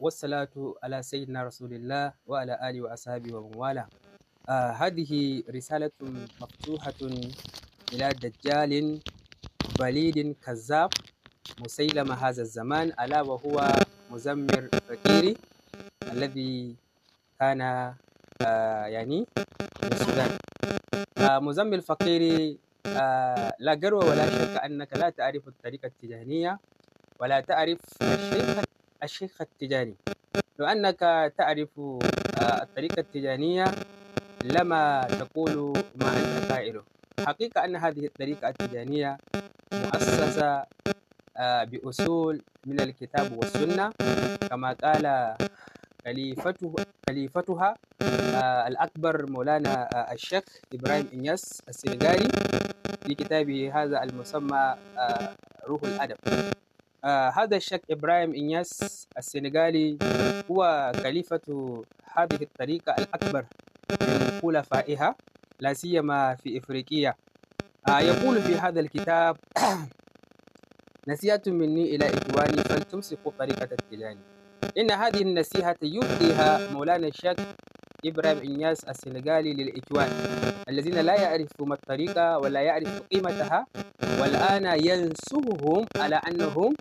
والصلاة على سيدنا رسول الله وعلى آله وأصحابه ومن والاه آه هذه رسالة مفتوحة إلى دجال بليد كذاب مسيلم هذا الزمان ألا وهو مزمر فقير الذي كان آه يعني في السودان آه مزمر فقير آه لا جرو ولا شك أنك لا تعرف الطريقة التجانية ولا تعرف الشيخ الشيخ التجاني لو أنك تعرف آه، الطريقة التجانية لما تقول ما أنت قائله حقيقة أن هذه الطريقة التجانية مؤسسة آه، بأصول من الكتاب والسنة كما قال خليفته خليفتها آه، الأكبر مولانا الشيخ إبراهيم إنياس السنغالي في كتابه هذا المسمى روح الأدب آه هذا الشيخ إبراهيم إنياس السنغالي هو خليفة هذه الطريقة الأكبر من خلفائها لا سيما في إفريقيا آه يقول في هذا الكتاب نصيحة مني إلى إخواني فلتمسكوا طريقة التلاني إن هذه النصيحة يبديها مولانا الشيخ إبراهيم إنياس السنغالي للإتوان الذين لا يعرفون الطريقة ولا يعرفوا قيمتها والآن ينسوهم على أنهم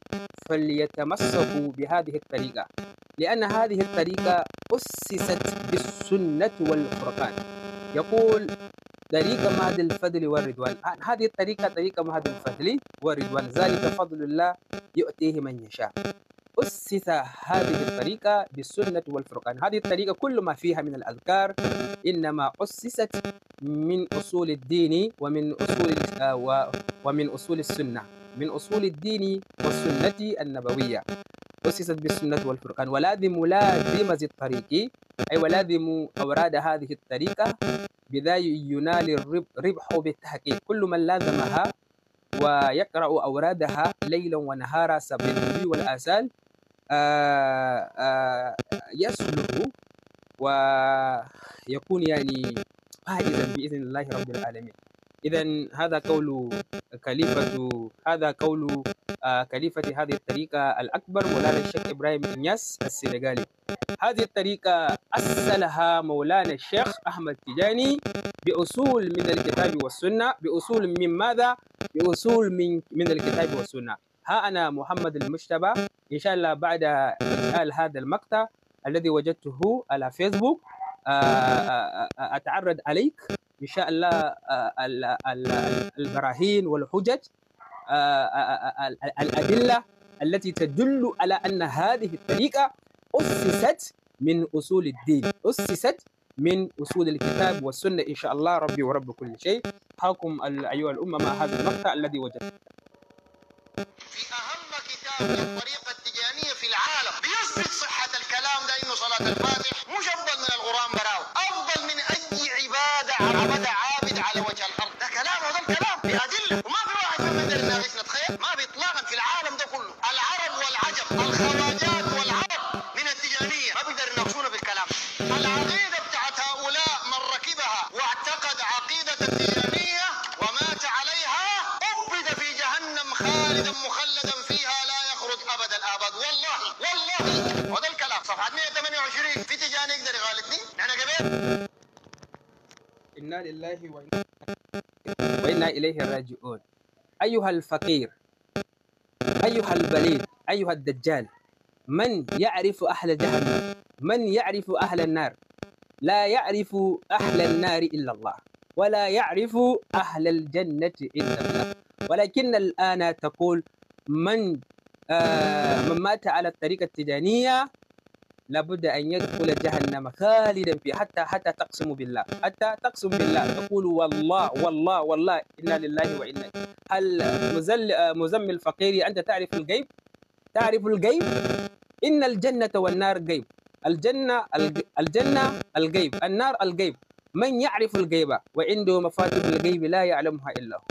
فليتمسكوا بهذه الطريقة لأن هذه الطريقة أسست بالسنة والفرقان يقول طريق مهد الفضل والرضوان آه، هذه الطريقة طريقة مهد الفضل والرضوان ذلك فضل الله يؤتيه من يشاء أسس هذه الطريقة بالسنة والفرقان هذه الطريقة كل ما فيها من الأذكار إنما أسست من أصول الدين ومن أصول آه، ومن أصول السنة من أصول الدين والسنة النبوية أسست بالسنة والفرقان ولازم لازمة الطريق أي ولازم أوراد هذه الطريقة بذا ينال الربح بالتحقيق كل من لازمها ويقرأ أورادها ليلا ونهارا سبيل والآسال آه، آه، يسلك ويكون يعني فائزا باذن الله رب العالمين اذا هذا قول خليفه هذا قول خليفه آه، هذه الطريقه الاكبر مولانا الشيخ ابراهيم انياس السنغالي هذه الطريقه اسسها مولانا الشيخ احمد تجاني باصول من الكتاب والسنه باصول من ماذا باصول من من الكتاب والسنه ها أنا محمد المجتبى إن شاء الله بعد إنهاء هذا المقطع الذي وجدته على فيسبوك آه، آه، آه، أتعرض عليك إن شاء الله البراهين والحجج الأدلة التي تدل على أن هذه الطريقة أسست من أصول الدين أسست من أصول الكتاب والسنة إن شاء الله ربي ورب كل شيء حاكم أيها الأمة مع هذا المقطع الذي وجدته في أهم كتاب للطريقة التجانية في العالم بيثبت صحة الكلام ده إنه صلاة الفاتح مش أفضل من الغرام براو أفضل من أي عبادة عبد عابد على وجه الأرض ده كلام ده الكلام بأدلة وما في واحد من الناس تخيل ما بيطلع لله وإنا إليه راجعون أيها الفقير أيها البليد أيها الدجال من يعرف أهل جهنم من يعرف أهل النار لا يعرف أهل النار إلا الله ولا يعرف أهل الجنة إلا الله ولكن الآن تقول من آه من مات على الطريقة التجانية لابد أن يدخل جهنم خالدا فيها حتى حتى تقسم بالله حتى تقسم بالله تقول والله والله والله إنا لله وإنا هل مزل مزمل فقيري أنت تعرف الغيب تعرف الغيب إن الجنة والنار غيب الجنة الجنة الغيب النار الغيب من يعرف الغيب وعنده مفاتيح الغيب لا يعلمها إلا هو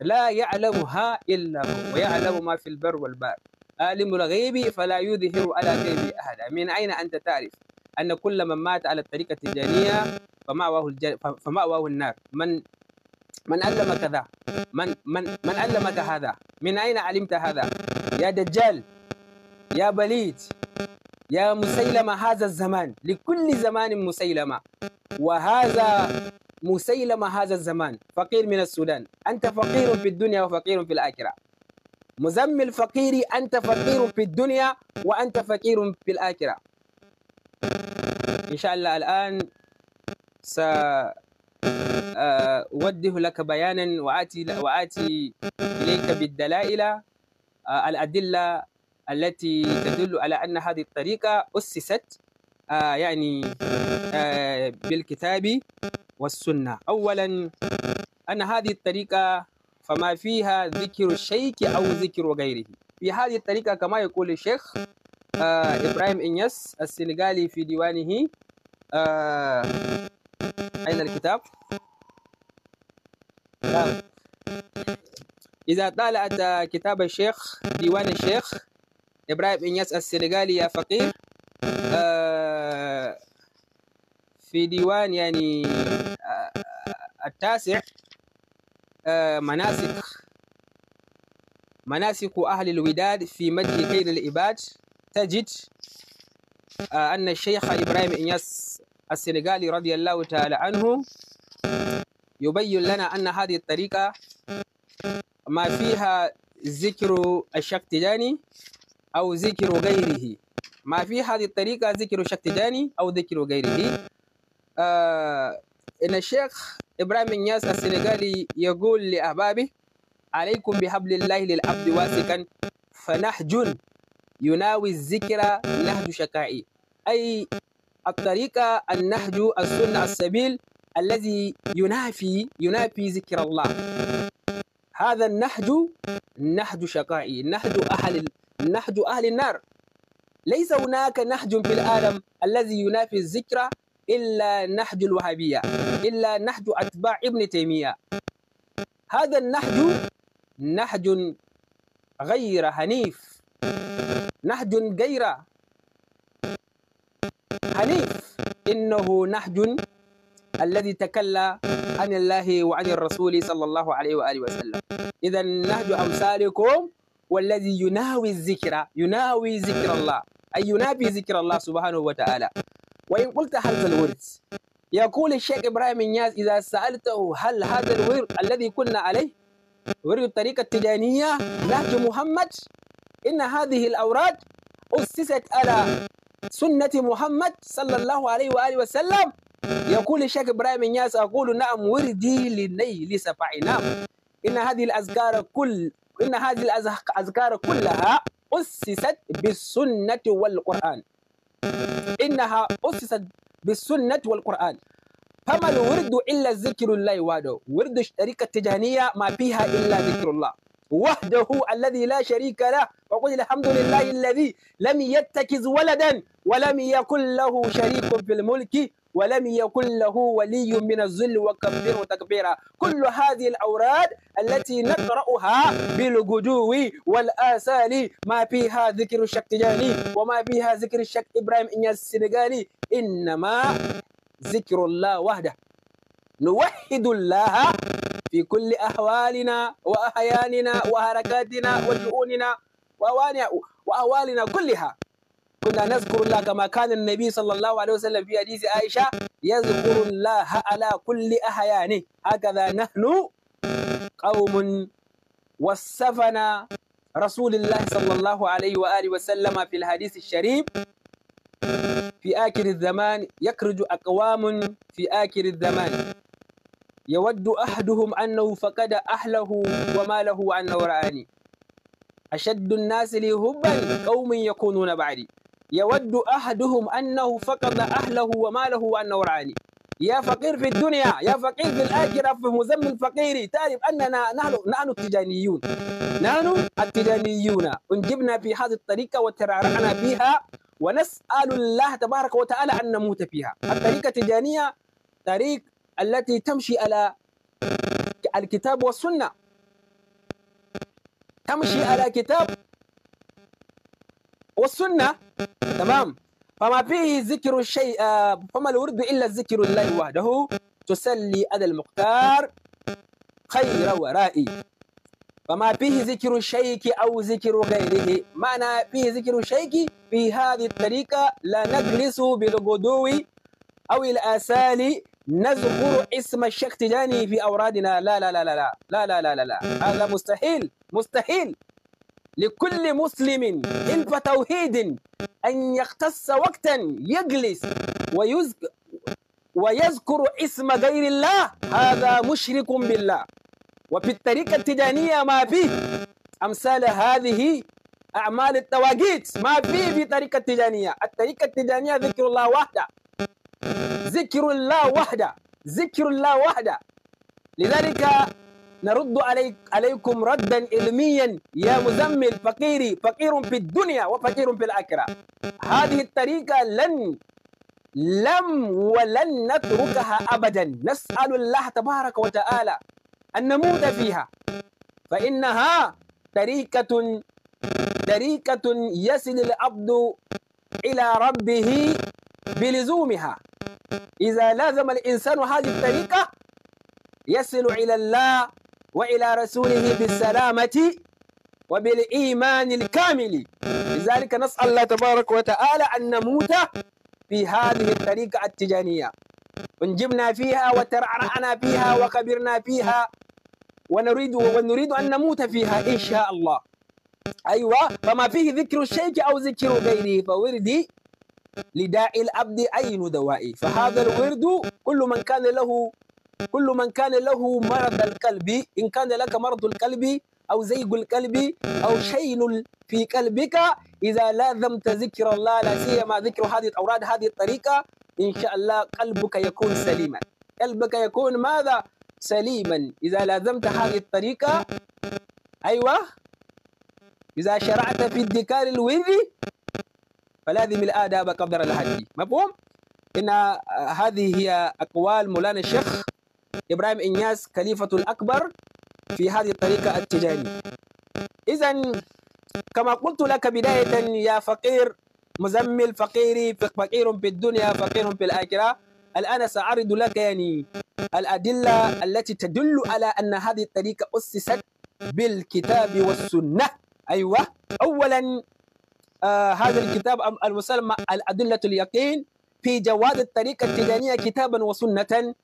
لا يعلمها إلا هو ويعلم ما في البر والبحر عالم الغيب فلا يظهر على غيب أحدا من أين أنت تعرف أن كل من مات على الطريقة التجارية فمأواه الج... فمأواه النار من من علمك ذا من من من علمك هذا من أين علمت هذا يا دجال يا بليد يا مسيلمة هذا الزمان لكل زمان مسيلمة وهذا مسيلمة هذا الزمان فقير من السودان أنت فقير في الدنيا وفقير في الآخرة مزم الفقير أنت فقير في الدنيا وأنت فقير في الآخرة إن شاء الله الآن سأوده أوجه لك بيانا وآتي وآتي إليك بالدلائل آه، الأدلة التي تدل على أن هذه الطريقة أسست آه، يعني آه، بالكتاب والسنة أولا أن هذه الطريقة فما فيها ذكر الشيك أو ذكر غيره في هذه الطريقة كما يقول الشيخ آه إبراهيم إنيس السنغالي في ديوانه آه أين الكتاب؟ آه. إذا طالعت كتاب الشيخ ديوان الشيخ إبراهيم إنياس السنغالي يا فقير آه، في ديوان يعني آه، آه، التاسع آه، مناسك مناسك أهل الوداد في مدي كيد الإباد تجد آه، أن الشيخ إبراهيم إنياس السنغالي رضي الله تعالى عنه يبين لنا أن هذه الطريقة ما فيها ذكر الشك تجاني أو ذكر غيره ما في هذه الطريقة ذكر شك تجاني أو ذكر غيره آه إن الشيخ إبراهيم نياس السنغالي يقول لأحبابه عليكم بحبل الله للعبد واسكا فنهج يناوي الذكر نهج شكائي أي الطريقة النهج السنة السبيل الذي ينافي ينافي ذكر الله هذا النهج نهج شقائي نهج أهل نهج أهل النار ليس هناك نهج في العالم الذي ينافي الذكر إلا نهج الوهابية إلا نهج أتباع ابن تيمية هذا النهج نهج غير هنيف نهج غير هنيف إنه نهج الذي تكلى عن الله وعن الرسول صلى الله عليه وآله وسلم إذا نهج أمثالكم والذي يناوي الذكر يناوي ذكر الله أي ينافي ذكر الله سبحانه وتعالى وقلت هذا الورد يقول الشيخ إبراهيم النياز إذا سألته هل هذا الورد الذي كنا عليه ورد الطريقة التجانية نهج محمد إن هذه الأوراد أسست على سنة محمد صلى الله عليه وآله وسلم يقول الشيخ إبراهيم النياز أقول نعم وردي للنيل سفعنا إن هذه الأذكار كل إن هذه الأذكار كلها أسست بالسنة والقرآن إنها أسست بالسنة والقرآن فما الورد إلا ذكر الله وحده ورد الشركة التجانية ما فيها إلا ذكر الله وحده الذي لا شريك له وقل الحمد لله الذي لم يتكز ولدا ولم يكن له شريك في الملك ولم يكن له ولي من الذل وكبره تكبيرا كل هذه الأوراد التي نقرأها بالغدو والآسال ما فيها ذكر الشك تجاني وما فيها ذكر الشك إبراهيم إنياس السنغالي إنما ذكر الله وحده نوحد الله في كل أحوالنا وأحياننا وحركاتنا وشؤوننا وأوانع وأهوالنا كلها كنا نذكر الله كما كان النبي صلى الله عليه وسلم في حديث عائشة يذكر الله على كل أحيانه هكذا نحن قوم وصفنا رسول الله صلى الله عليه وآله وسلم في الحديث الشريف في آخر الزمان يخرج أقوام في آخر الزمان يود أحدهم أنه فقد أهله وماله عن نوراني أشد الناس لي هبا قوم يكونون بعدي يود أحدهم أنه فقد أهله وماله وأنه رعاني يا فقير في الدنيا يا فقير في الآخرة في مزم الفقير تعرف أننا نحن نحن التجانيون نحن التجانيون انجبنا في هذه الطريقة وترعرعنا بها ونسأل الله تبارك وتعالى أن نموت فيها الطريقة التجانية طريق التي تمشي على الكتاب والسنة تمشي على كتاب والسنة تمام فما فيه ذكر الشيء فما الورد إلا ذكر الله وحده تسلي أدى المختار خير ورائي فما فيه ذكر الشيك أو ذكر غيره معنى فيه ذكر الشيك في هذه الطريقة لا نجلس بالغدو أو الآسال نذكر اسم الشيخ تجاني في أورادنا لا لا لا لا لا لا لا, لا. هذا مستحيل مستحيل لكل مسلم انف توحيد أن يختص وقتا يجلس ويذكر ويذكر اسم غير الله هذا مشرك بالله وفي الطريقة التجانية ما فيه أمثال هذه أعمال التواجيت ما فيه في طريقة التجانية الطريقة التجانية ذكر الله وحده ذكر الله وحده ذكر الله وحده لذلك نرد عليك عليكم ردا علميا يا مزمل فقيري فقير في الدنيا وفقير في الآخرة هذه الطريقة لن لم ولن نتركها أبدا نسأل الله تبارك وتعالى أن نموت فيها فإنها طريقة طريقة يصل العبد إلى ربه بلزومها إذا لازم الإنسان هذه الطريقة يصل إلى الله وإلى رسوله بالسلامة وبالإيمان الكامل لذلك نسأل الله تبارك وتعالى أن نموت في هذه الطريقة التجانية انجبنا فيها وترعرعنا فيها وكبرنا فيها ونريد ونريد أن نموت فيها إن شاء الله أيوة فما فيه ذكر الشيخ أو ذكر غيره فوردي لداء العبد عين دوائي فهذا الورد كل من كان له كل من كان له مرض القلب إن كان لك مرض القلب أو زيغ القلب أو شين في قلبك إذا لازمت ذكر الله لا سيما ذكر هذه الأوراد هذه الطريقة إن شاء الله قلبك يكون سليما قلبك يكون ماذا؟ سليما إذا لازمت هذه الطريقة أيوة إذا شرعت في ادكار الوذي فلازم الآداب قدر الهدي مفهوم؟ إن هذه هي أقوال مولانا الشيخ إبراهيم إنياس خليفة الأكبر في هذه الطريقة التجارية إذا كما قلت لك بداية يا فقير مزمل فقيري فقير في الدنيا فقير في الآخرة الآن سأعرض لك يعني الأدلة التي تدل على أن هذه الطريقة أسست بالكتاب والسنة أيوة أولا آه هذا الكتاب المسلم الأدلة اليقين في جواز الطريقة التجانية كتابا وسنة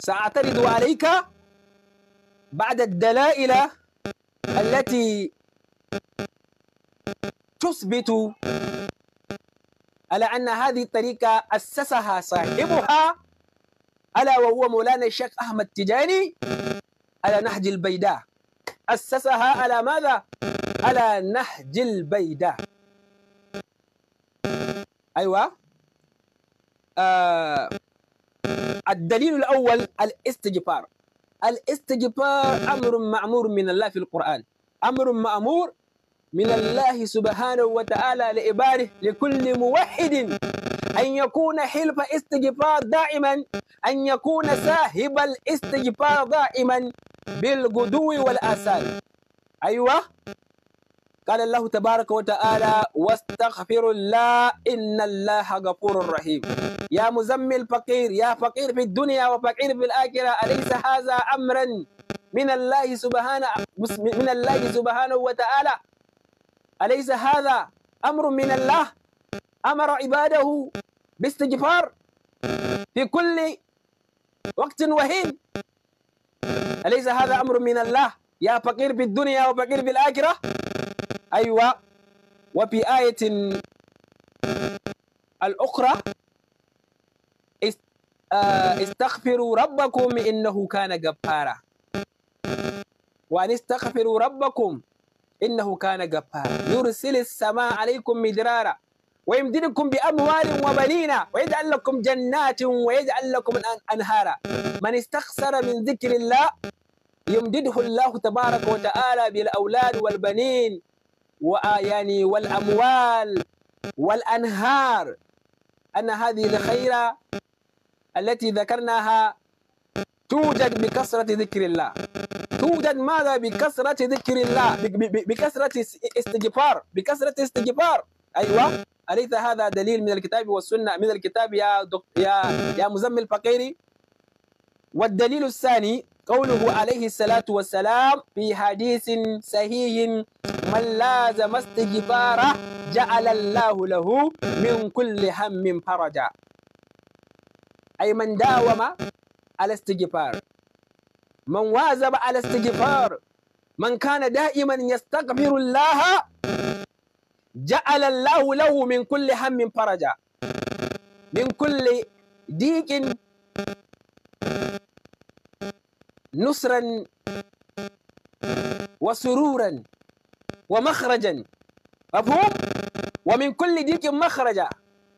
سأعترض عليك بعد الدلائل التي تثبت على أن هذه الطريقة أسسها صاحبها ألا وهو مولانا الشيخ أحمد تجاني على نهج البيداء أسسها على ماذا؟ على نهج البيداء أيوة آه الدليل الأول الاستجبار الاستجبار أمر معمور من الله في القرآن أمر مأمور من الله سبحانه وتعالى لعباده لكل موحد أن يكون حلف استجبار دائما أن يكون ساهب الاستجبار دائما بالغدو والأسال أيوة قال الله تبارك وتعالى واستغفر الله إن الله غفور رحيم يا مزمل فقير يا فقير في الدنيا وفقير في الآخرة أليس هذا أمرا من الله سبحانه من الله سبحانه وتعالى أليس هذا أمر من الله أمر عباده باستغفار في كل وقت وحين أليس هذا أمر من الله يا فقير في الدنيا وفقير في الآخرة أيوة وفي آية الأخرى آه، استغفروا ربكم إنه كان غفارا وأن استغفروا ربكم إنه كان غفارا يرسل السماء عليكم مدرارا ويمددكم بأموال وبنين ويجعل لكم جنات ويجعل لكم أنهارا من استخسر من ذكر الله يمدده الله تبارك وتعالى بالأولاد والبنين وآياني والأموال والأنهار أن هذه الخيرة التي ذكرناها توجد بكثرة ذكر الله توجد ماذا بكثرة ذكر الله بكثرة استغفار بكثرة استغفار أيوة أليس هذا دليل من الكتاب والسنة من الكتاب يا دك... يا يا مزمل فقيري والدليل الثاني قوله عليه الصلاة والسلام في حديث صحيح من لازم استغفاره جعل الله له من كل هم فرجا أي من داوم على الاستغفار من واظب على الاستغفار من كان دائما يستغفر الله جعل الله له من كل هم فرجا من كل ضيق نصرا وسرورا ومخرجا مفهوم ومن كل ديك مخرجا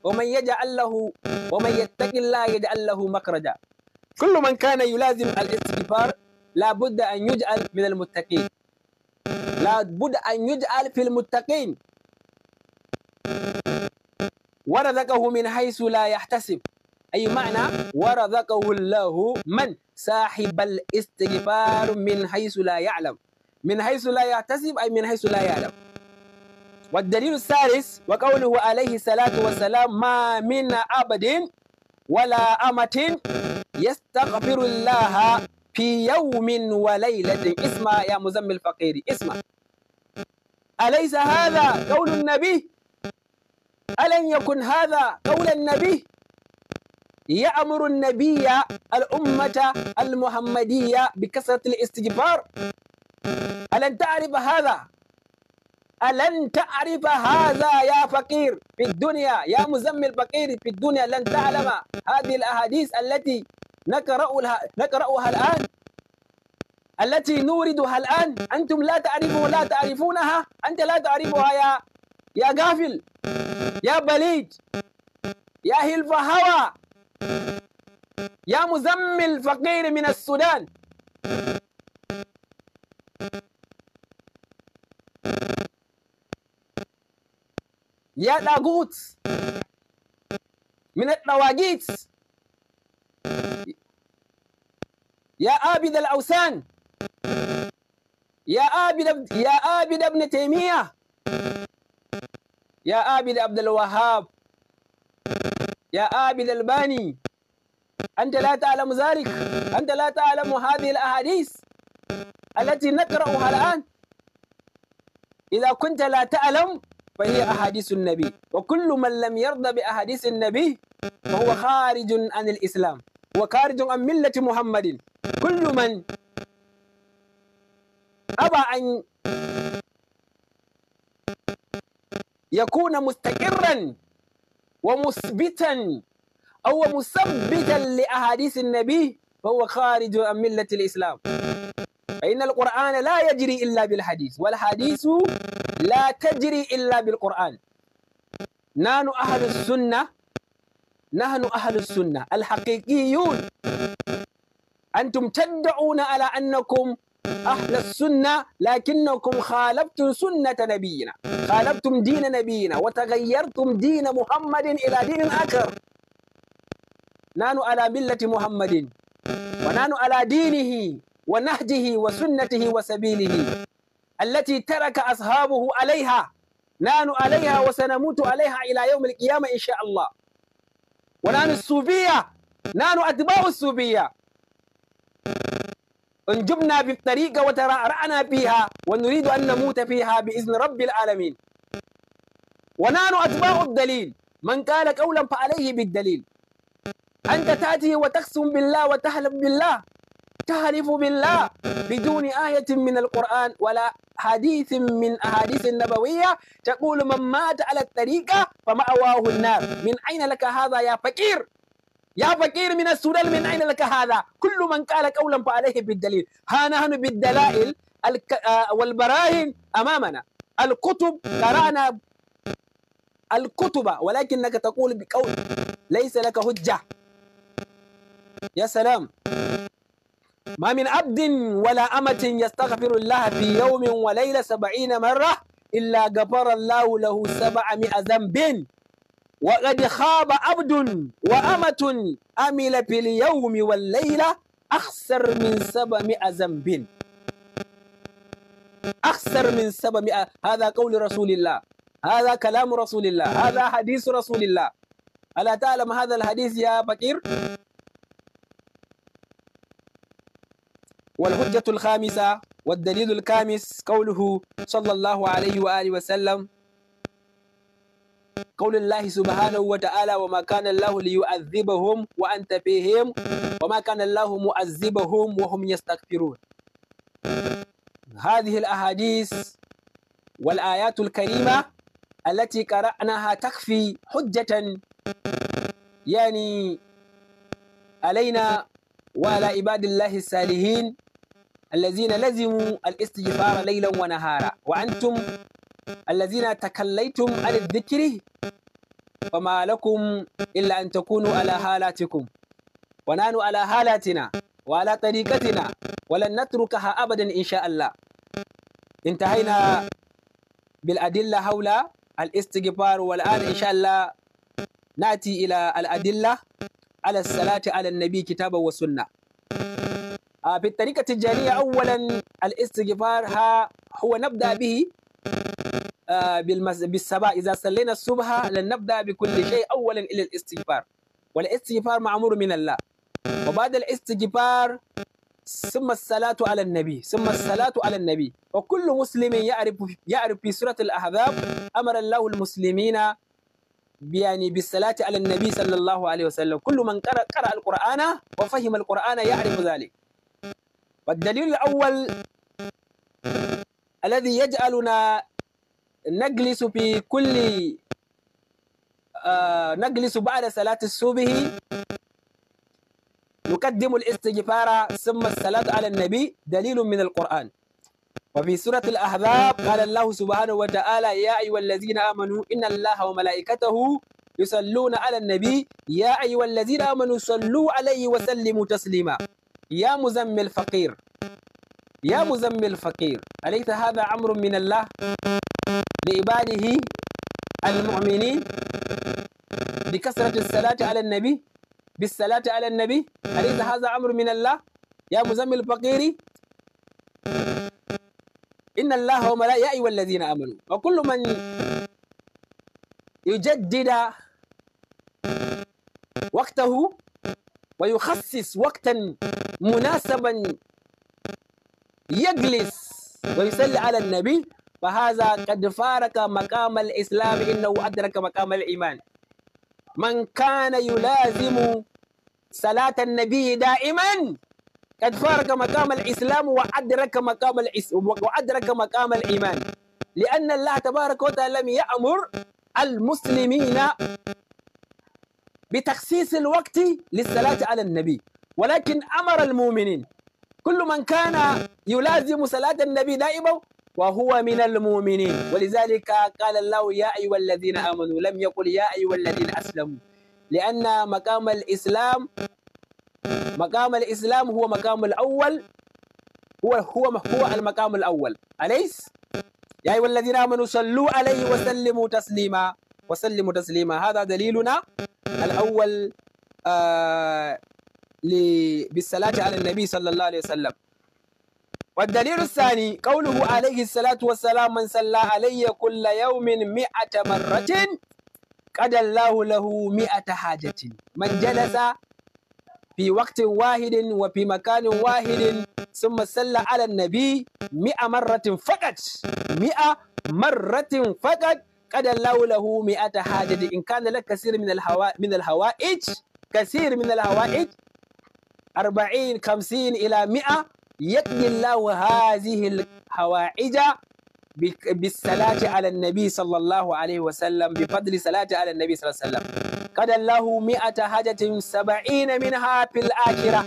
ومن يجعل له ومن يتق الله يجعل له مخرجا كل من كان يلازم الاستغفار لا بد ان يجعل من المتقين لا بد ان يجعل في المتقين ورزقه من حيث لا يحتسب اي معنى ورزقه الله من صاحب الاستغفار من حيث لا يعلم من حيث لا يحتسب أي من حيث لا يعلم والدليل الثالث وقوله عليه الصلاة والسلام ما من عبد ولا أمة يستغفر الله في يوم وليلة اسمع يا مزمل فقيري اسمع أليس هذا قول النبي ألن يكن هذا قول النبي يأمر النبي الأمة المحمدية بكثرة الاستجبار ألن تعرف هذا ألن تعرف هذا يا فقير في الدنيا يا مزمل فقير في الدنيا لن تعلم هذه الأحاديث التي نقرأها نقرأها الآن التي نوردها الآن أنتم لا تعرفوا لا تعرفونها أنت لا تعرفها يا يا غافل يا بليد يا هلف هوى يا مزمل الفقير من السودان يا داغوت من الطواغيت يا عابد الاوثان يا عابد يا عابد ابن تيميه يا عابد عبد الوهاب يا آبد الباني أنت لا تعلم ذلك أنت لا تعلم هذه الأحاديث التي نقرأها الآن إذا كنت لا تعلم فهي أحاديث النبي وكل من لم يرضى بأحاديث النبي فهو خارج عن الإسلام وخارج عن ملة محمد كل من أبى أن يكون مستقرا wa musbitan aw musabbitan li ahadith an-nabi fa huwa kharij an millati al-islam فإن القرآن لا يجري إلا بالحديث والحديث لا تجري إلا بالقرآن نحن أهل السنة نحن أهل السنة الحقيقيون أنتم تدعون على أنكم أهل السنة لكنكم خالفتم سنة نبينا خالفتم دين نبينا وتغيرتم دين محمد إلى دين آخر نحن على ملة محمد ونحن على دينه ونهجه وسنته وسبيله التي ترك أصحابه عليها نحن عليها وسنموت عليها إلى يوم القيامة إن شاء الله ونحن الصوفية نحن أتباع الصوفية انجبنا بالطريقة وترعرعنا فيها ونريد أن نموت فيها بإذن رب العالمين ونحن أتباع الدليل من قال قولا فعليه بالدليل أنت تأتي وتقسم بالله وتحلف بالله تحلف بالله بدون آية من القرآن ولا حديث من أحاديث النبوية تقول من مات على الطريقة فمأواه النار من أين لك هذا يا فقير يا فقير من السودان من أين لك هذا كل من قال قولا فعليه بالدليل ها نحن بالدلائل آه، والبراهين أمامنا الكتب قرأنا الكتب ولكنك تقول بقول ليس لك حجة يا سلام ما من عبد ولا أمة يستغفر الله في يوم وليلة سبعين مرة إلا غفر الله له سبعمائة ذنب وقد خاب عبد وأمة أمل في اليوم والليلة أخسر من سبعمائة ذنب أخسر من سبعمائة هذا قول رسول الله هذا كلام رسول الله هذا حديث رسول الله ألا تعلم هذا الحديث يا بكير والحجة الخامسة والدليل الخامس قوله صلى الله عليه وآله وسلم قول الله سبحانه وتعالى وما كان الله ليعذبهم وأنت فيهم وما كان الله معذبهم وهم يستغفرون هذه الأحاديث والآيات الكريمة التي قرأناها تكفي حجة يعني علينا وعلى عباد الله الصالحين الذين لزموا الاستغفار ليلا ونهارا وأنتم allazina takallaitum an dhikri fama lakum illa an takunu ala halatikum wa nanu ala halatina wa ala tariqatina wa lan natrukaha abadan insha Allah intahaina bil adilla haula al istighfar wal an insha Allah nati ila al adilla ala kitabar ala nabi kitaba wa sunna في الطريقة التجارية أولا الاستغفار ها هو نبدأ بالسبا إذا صلينا الصبح لن نبدأ بكل شيء أولا إلى الاستغفار والاستغفار معمور من الله وبعد الاستغفار ثم الصلاة على النبي ثم الصلاة على النبي وكل مسلم يعرف يعرف في سورة الأحزاب أمر الله المسلمين يعني بالصلاة على النبي صلى الله عليه وسلم كل من قرأ, قرأ القرآن وفهم القرآن يعرف ذلك والدليل الأول الذي يجعلنا نجلس في كل آه، نجلس بعد صلاة الصبح نقدم الاستغفار ثم الصلاة على النبي دليل من القرآن وفي سورة الأحزاب قال الله سبحانه وتعالى يا أيها الذين آمنوا إن الله وملائكته يصلون على النبي يا أيها الذين آمنوا صلوا عليه وسلموا تسليما يا مزمل فقير يا مزمل الفقير أليس هذا أمر من الله لعباده المؤمنين بكثرة الصلاة على النبي بالصلاة على النبي أليس هذا أمر من الله يا مزمل الفقير إن الله وملائكته يا أيها الذين آمنوا وكل من يجدد وقته ويخصص وقتا مناسبا يجلس ويصلي على النبي فهذا قد فارق مقام الإسلام إنه أدرك مقام الإيمان من كان يلازم صلاة النبي دائما قد فارق مقام الإسلام وأدرك مقام الإس وأدرك مقام الإيمان لأن الله تبارك وتعالى لم يأمر المسلمين بتخصيص الوقت للصلاة على النبي ولكن أمر المؤمنين كل من كان يلازم صلاة النبي دائما وهو من المؤمنين ولذلك قال الله يا أيها الذين آمنوا لم يقل يا أيها الذين أسلموا لأن مقام الإسلام مقام الإسلام هو مقام الأول هو هو هو المقام الأول أليس؟ يا أيها الذين آمنوا صلوا عليه وسلموا تسليما وسلموا تسليما هذا دليلنا الأول آه بالصلاة على النبي صلى الله عليه وسلم والدليل الثاني قوله عليه الصلاة والسلام من صلى علي كل يوم مئة مرة قد الله له مئة حاجة من جلس في وقت واحد وفي مكان واحد ثم صلى على النبي مئة مرة فقط مئة مرة فقط قد الله له مئة حاجة إن كان لك كثير من الهوائج كثير من الهوائج 40 50 إلى 100 يقضي الله هذه الحوائج بالصلاة على النبي صلى الله عليه وسلم بفضل صلاة على النبي صلى الله عليه وسلم قد الله مئة حاجة سبعين منها في الآخرة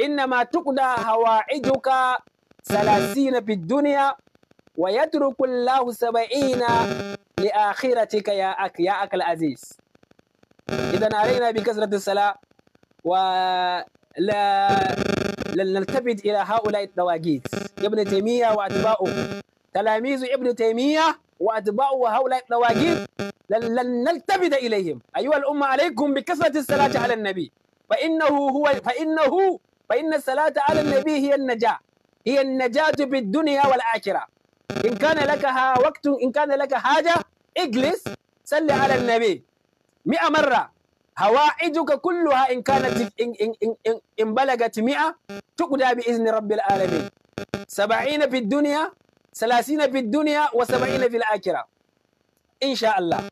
إنما تقضى هوائجك ثلاثين في الدنيا ويترك الله سبعين لآخرتك يا أك يا أك العزيز إذا علينا بكثرة الصلاة و لا لنلتفت إلى هؤلاء الدواجيز ابن تيمية وأتباعه تلاميذ ابن تيمية وأتباعه هؤلاء الدواجيز لن نلتفت إليهم أيها الأمة عليكم بكثرة الصلاة على النبي فإنه هو فإنه فإن الصلاة على النبي هي النجاة هي النجاة بالدنيا والآخرة إن كان لك وقت إن كان لك حاجة اجلس صل على النبي 100 مرة hawa'ijuka kulluha in kanat in, in, in, in balagat mi'a tuqda bi izni rabbil alamin 70 fid dunya 30 fid dunya wa 70 fil akhirah insha Allah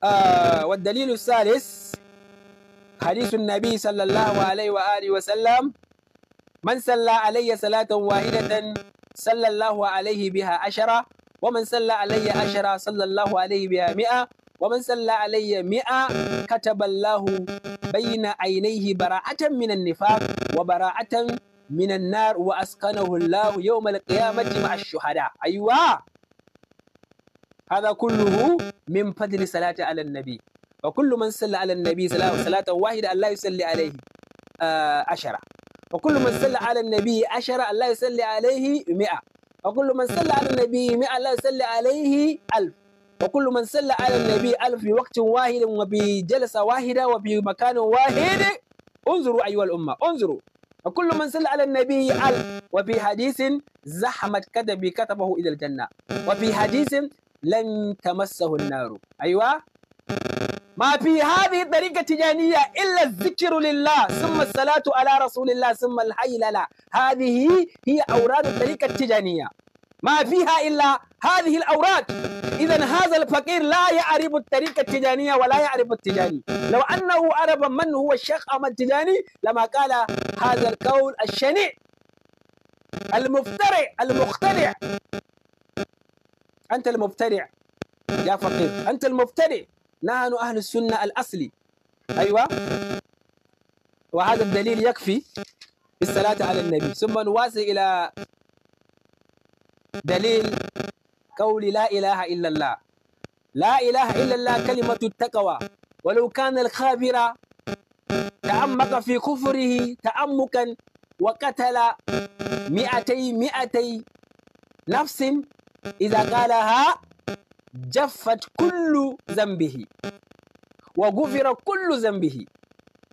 آه والدليل الثالث حديث النبي صلى الله عليه وآله وسلم من صلى علي صلاة واحدة صلى الله عليه بها عشرة ومن صلى علي عشرة صلى الله عليه بها مئة wa man salla alayya mi'a kataballahu bayna ainihi bara'atan minan nifaq wa bara'atan minan nar wa askanahu Allah yawmal qiyamati ma'ash shuhada aywa هذا كله من فضل صلاة على النبي وكل من صلى على النبي صلاة واحدة الله يصلي عليه عشرة وكل من صلى على النبي عشرة الله يصلي عليه مئة وكل من صلى على النبي مئة الله يصلي عليه ألف وكل من صلى على النبي ألف في وقت واحد وفي جلسة واحدة وفي مكان واحد انظروا أيها الأمة انظروا وكل من صلى على النبي ألف وفي حديث زحمت كتبي كتبه إلى الجنة وفي حديث لن تمسه النار أيوة ما في هذه الطريقة التجانية إلا الذكر لله ثم الصلاة على رسول الله ثم الحي لا هذه هي أوراد الطريقة التجانية ما فيها إلا هذه الأوراق إذا هذا الفقير لا يعرف الطريقة التجانية ولا يعرف التجاني لو أنه عرف من هو الشيخ أم التجاني لما قال هذا القول الشنيع المفترع المخترع أنت المفترع يا فقير أنت المفترع نحن أهل السنة الأصلي أيوة وهذا الدليل يكفي بالصلاة على النبي ثم نواصل إلى دليل قول لا إله إلا الله لا إله إلا الله كلمة التقوى ولو كان الخابر تعمق في كفره تعمقا وقتل مئتي مئتي نفس إذا قالها جفت كل ذنبه وغفر كل ذنبه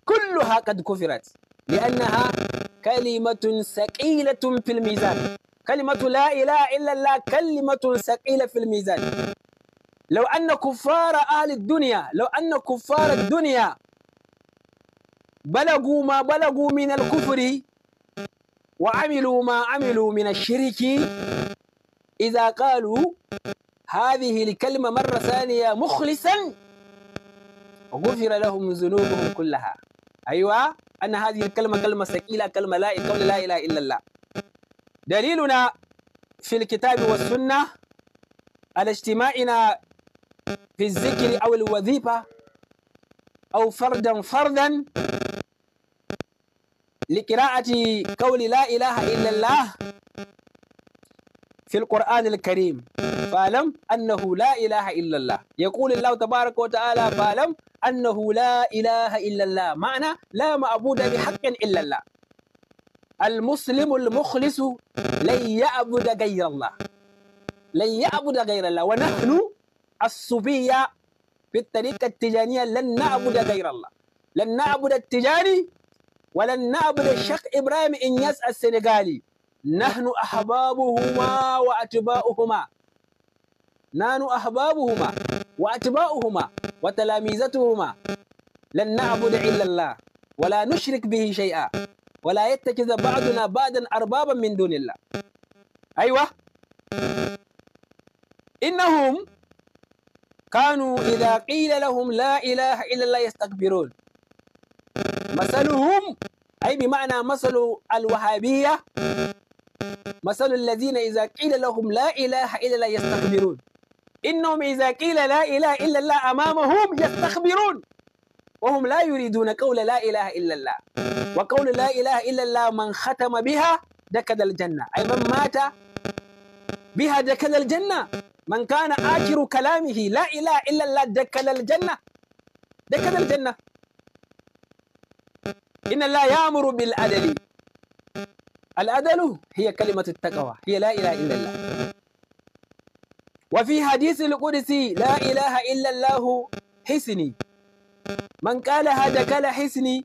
كلها قد كفرت لأنها كلمة ثقيلة في الميزان kalimatu la ilaha illallah kalimatul saqila fil mizan law anna kuffara ahli dunya law anna kuffara dunya balagu ma balagu min al kufri wa amilu ma amilu min ash-shirki idza qalu hadhihi al kalima marra thaniya mukhlisan غفر لهم ذنوبهم كلها أيوة أن هذه الكلمة كلمة ثقيلة كلمة لا قول لا إله إلا الله daliluna fil kitabi was sunna ala ijtima'ina fi dhikri aw al wadhifa aw fardan fardan لقراءة قول لا إله إلا الله في القرآن الكريم فاعلم أنه لا إله إلا الله يقول الله تبارك وتعالى فاعلم أنه لا إله إلا الله معنى لا معبود بحق إلا الله المسلم المخلص لن يعبد غير الله لن يعبد غير الله ونحن الصوفية في الطريقة التجانية لن نعبد غير الله لن نعبد التجاني ولن نعبد الشيخ إبراهيم إنياس السنغالي نحن أحبابهما وأتباؤهما نحن أحبابهما وأتباؤهما وتلاميذتهما لن نعبد إلا الله ولا نشرك به شيئا ولا يتخذ بعضنا بعضا أربابا من دون الله أيوة إنهم كانوا إذا قيل لهم لا إله إلا الله يستكبرون مثلهم أي بمعنى مثل الوهابية مثل الذين إذا قيل لهم لا إله إلا الله يستكبرون إنهم إذا قيل لا إله إلا الله أمامهم يستكبرون وهم لا يريدون قول لا إله إلا الله وقول لا إله إلا الله من ختم بها دكد الجنة أي من مات بها دكد الجنة من كان آخر كلامه لا إله إلا الله دكد الجنة دكد الجنة إن الله يأمر بالعدل العدل هي كلمة التقوى هي لا إله إلا الله وفي حديث القدسي لا إله إلا الله حسني من قالها دكل حسني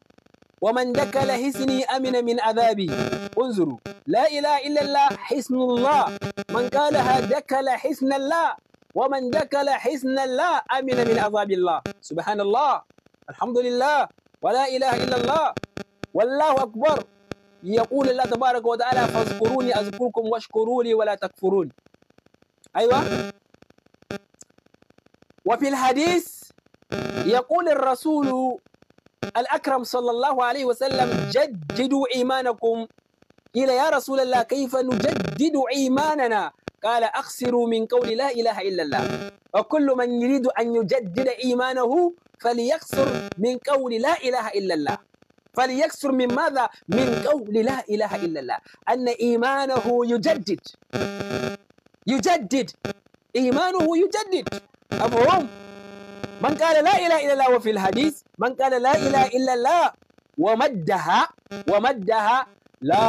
ومن دكل حسني أمن من عذابي انظروا لا إله إلا الله حسن الله من قالها دكل حسن الله ومن دكل حسن الله أمن من عذاب الله سبحان الله الحمد لله ولا إله إلا الله والله أكبر يقول الله تبارك وتعالى فاذكروني أذكركم واشكروا لي ولا تكفرون أيوة وفي الحديث يقول الرسول الأكرم صلى الله عليه وسلم جددوا إيمانكم قيل يا رسول الله كيف نجدد إيماننا قال أخسروا من قول لا إله إلا الله وكل من يريد أن يجدد إيمانه فليخسر من قول لا إله إلا الله فليكسر من ماذا؟ من قول لا إله إلا الله أن إيمانه يجدد يجدد إيمانه يجدد أفهم؟ من قال لا إله إلا الله وفي الحديث من قال لا إله إلا الله ومدها ومدها لا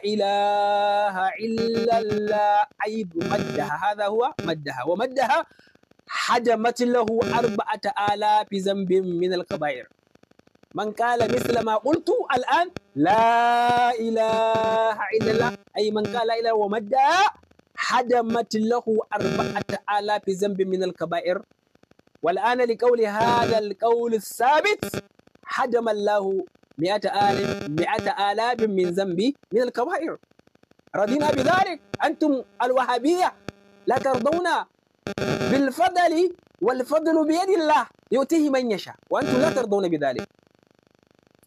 إله إلا الله أي مدها هذا هو مدها ومدها حجمت له أربعة آلاف ذنب من الكبائر من قال مثل ما قلت الآن لا إله إلا الله أي من قال لا إله ومدها حجمت له أربعة آلاف ذنب من الكبائر والآن لقول هذا القول الثابت حجم الله مئة آلاف مئة آلاف من ذنبي من الكبائر رضينا بذلك أنتم الوهابية لا ترضون بالفضل والفضل بيد الله يؤتيه من يشاء وأنتم لا ترضون بذلك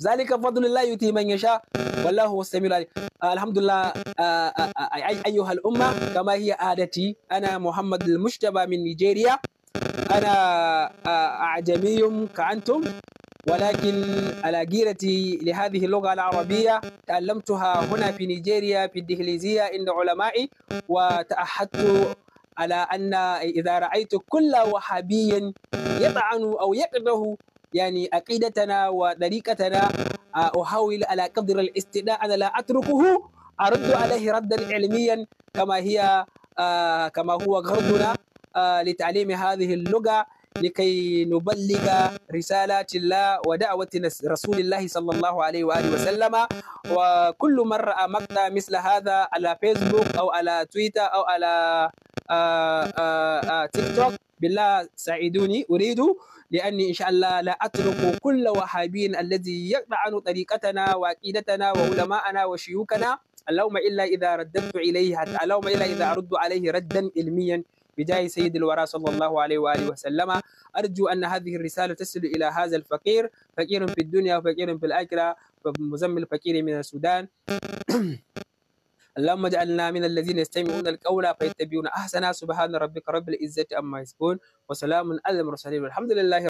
ذلك فضل الله يؤتيه من يشاء والله هو السميع العليم آه الحمد لله آه آه, آه، أيها الأمة كما هي عادتي أنا محمد المجتبى من نيجيريا أنا آه، أعجمي كأنتم ولكن على جيرتي لهذه اللغة العربية تعلمتها هنا في نيجيريا في الدهليزية عند علمائي وتأحدت على أن إذا رأيت كل وهابي يطعن أو يقده يعني عقيدتنا وطريقتنا آه، أحاول على قدر الاستداء أنا لا أتركه أرد عليه ردا علميا كما هي آه، كما هو غرضنا آه، لتعليم هذه اللغة لكي نبلغ رسالات الله ودعوة رسول الله صلى الله عليه وآله وسلم وكل مرة مقطع مثل هذا على فيسبوك أو على تويتر أو على تيك آه، توك آه، بالله ساعدوني أريد لأني إن شاء الله لا أترك كل وهابين الذي يقطع طريقتنا وعقيدتنا وعلماءنا وشيوخنا اللهم إلا إذا رددت إليه اللهم إلا إذا أرد عليه ردا علميا بجاه سيد الورى صلى الله عليه وآله وسلم أرجو أن هذه الرسالة تصل إلى هذا الفقير فقير في الدنيا وفقير في الآخرة مزمل الفقير من السودان اللهم اجعلنا من الذين يستمعون القول فيتبعون أحسنا سبحان ربك رب العزة أما يسكون وسلام على المرسلين والحمد لله